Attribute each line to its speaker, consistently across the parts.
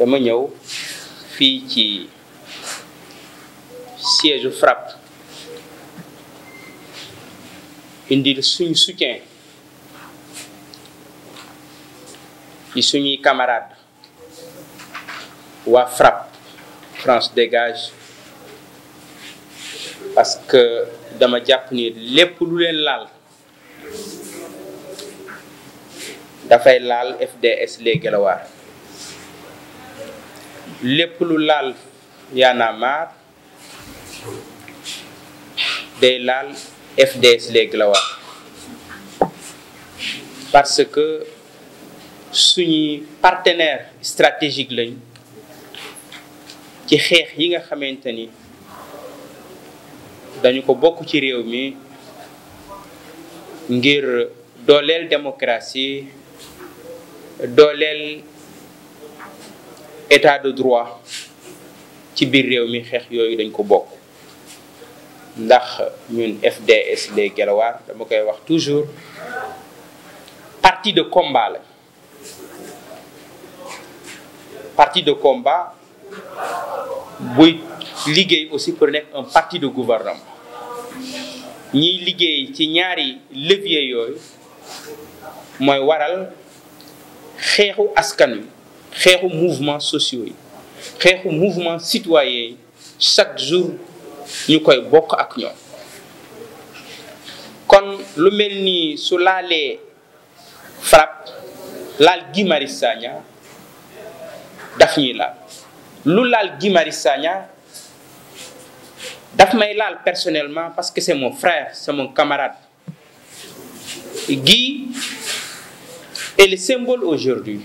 Speaker 1: dama ñëw fii ci siège FRAPP indi suñu sutin ci suñuy camarade waa FRAPP France degage parce que dama jàpp ni lépp lu leen laal dafay laal FDS les Guelwaar lépp lu laal ya a marre day laal FDS léegi la war parce que suñuy partenaire stratégique lañ ci xeex yi nga xamante ni dañu ko bokk ci réew mi ngir dooleel démocratie dooleel état de droit ci bir réew mi xeex yooyu dañ ko bokk ndax ñun FDS les Guelwaar dama koy wax toujours parti de combat la parti de combat buy liggéey aussi pour un parti de gouvernement ñiy liggéey ci ñaari levier yooyu mooy waral xeexu askan xeexu mouvement sociaux yi xeexu mouvement citoyen yi chaque jour ñu koy bokk ak ñoom kon lu mel nii su laalee FRAPP laal Guy Marius Sagna daf ñuy laal lu laal Guy Marius daf may laal personnellement parce que c'est mon frère c'est mon camarade Guy est le symbole aujourd'hui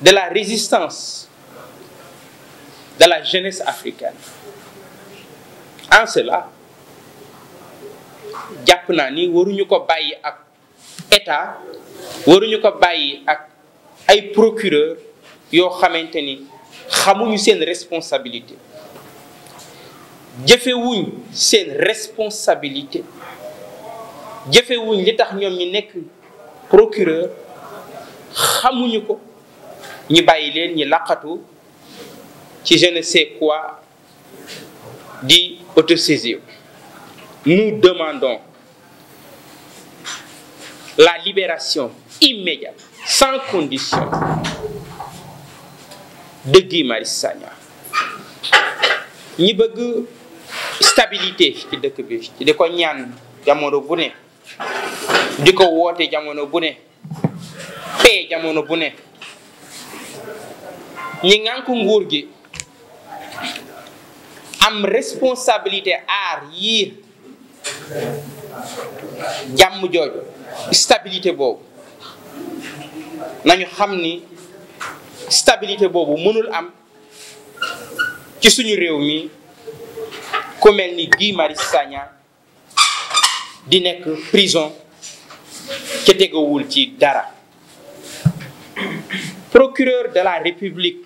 Speaker 1: de la résistance de la jeunesse africaine. En cela, jàpp naa ni waruñu ko bàyyi ak état waruñu ko bàyyi ak ay procureur yo xamanteni xamuñu sen responsabilité jëfewuñ sen responsabilité jëfewuñ li tax ñom ñi nek procureur xamuñu ko ni bàyyi ni ñi laqatu ci je ne sais quoi di autosaisir nous demandons la libération immédiate sans condition de Guy Marius ñi stabilité ci dëkk bi di ko ñaan jamono bu ne di ko jamono bu ne paix jamono bu ñi nguur am responsabilité aar yiir jàmm jooju stabilité boobu nañu xam stabilité boobu mënul am ci suñu réew mi ku mel ni gii Marius Sagna di nekk prison ca tegawul ci dara procureur de la République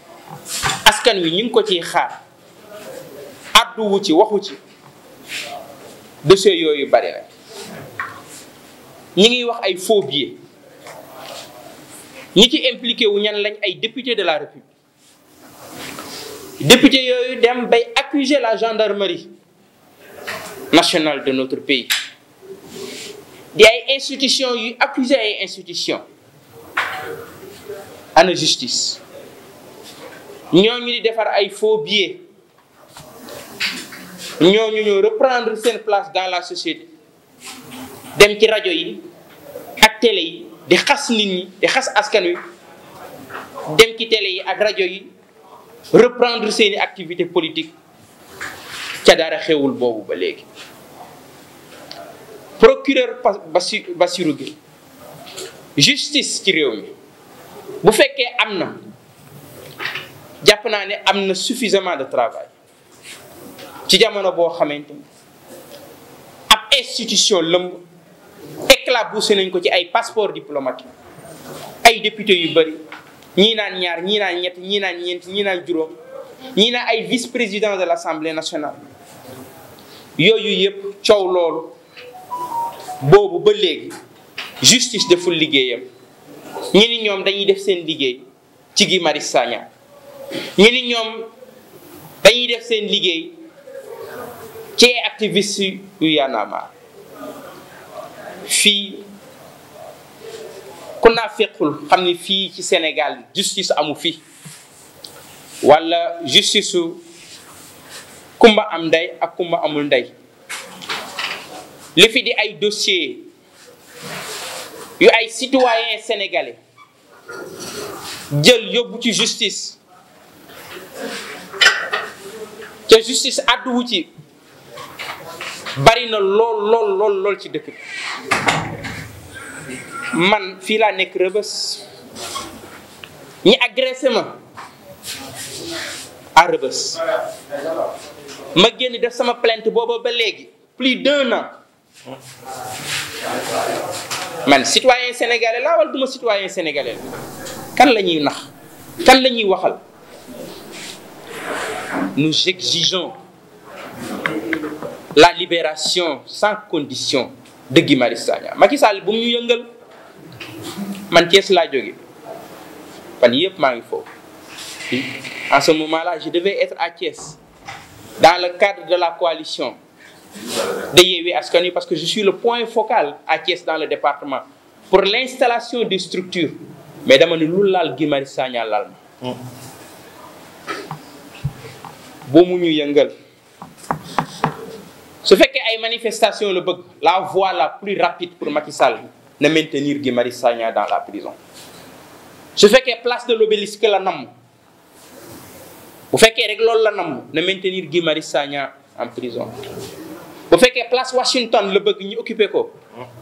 Speaker 1: askan wi ñu ngi ko ci xaar wu ci waxu ci ce yoyu bari na ñi Nous wax ay phobie Nous ñi ci impliqué wu ñan lañ ay député de la république député yoyu dem bay accuser la gendarmerie nationale de notre pays di ay institution yuy accuser ay institution La justice ñooñu di defar ay faux billets ñu ñoo reprendre seen place dans la société dem ci rajo yi ak télé yi di xas nit ñi di xas askan wi dem ci télé yi ak rajo yi reprendre seeni activité politique ca dara xewul boobu ba léegi procureur Bassirou justice ci réew mi bu fekkee am na jàpp naa ne am na suffisamment de travail ci jamono boo xamante ni ab institution lëmb éclaboussé nañ ko ci ay passeport diplomatique ay député yu bëri ñii naan ñaar ñii naan ñett ñii naan ñeent ñii naan juróom ñii naan ay vice président de l'Assemblée nationale yooyu yëpp coow loolu boobu ba léegi justice deful liggéeyam ñi ni ñoom dañuy def seen liggéey ci Guy Sagna Yeni nyom dayi defsen ligye Che aktivisi yu yanama Fi Kona fekul kame fi ki Senegal Justis amu fi Wala justisu Kumba amday akumba amunday Le fi di ay dosye Yo ay sitwayen Senegal Diyol yo bouti justis te justice àdduwu ci bari na lool lool lool ci dëkk man fii laa nekk rëbës ñi agressé ma rëbës ma génn def sama plainte booba ba léegi plus d'un an man citoyen sénégalais laa wala duma citoyen sénégalais la kan la ñuy nax kan la ñuy waxal nous exigeons la libération sans condition de Guimari en ce moment-là je devais être à Thiès dans le cadre de la coalition de Yewi Askani parce que je suis le point focal à Thiès dans le département pour l'installation des structures mais dama ne ce fait ñu yëngal su fekkee ay manifestation la bëgg la voie la plus rapide pour Macky Sall de maintenir Guy Sagna dans la prison su fekkee place de l'Obélisque la place bu fekkee rek la nam na maintenir Guy Sagna en prison bu fekkee place Washington la bëgg ñu occuper ko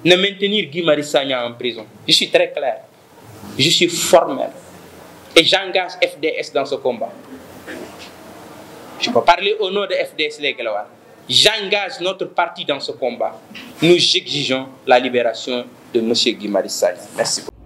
Speaker 1: na maintenir Guy Sagna en prison je suis très clair je suis formel et j'engage FDS dans ce combat je peux parler au nom de FDS Les J'engage notre parti dans ce combat. Nous exigeons la libération de M. Guy Merci beaucoup.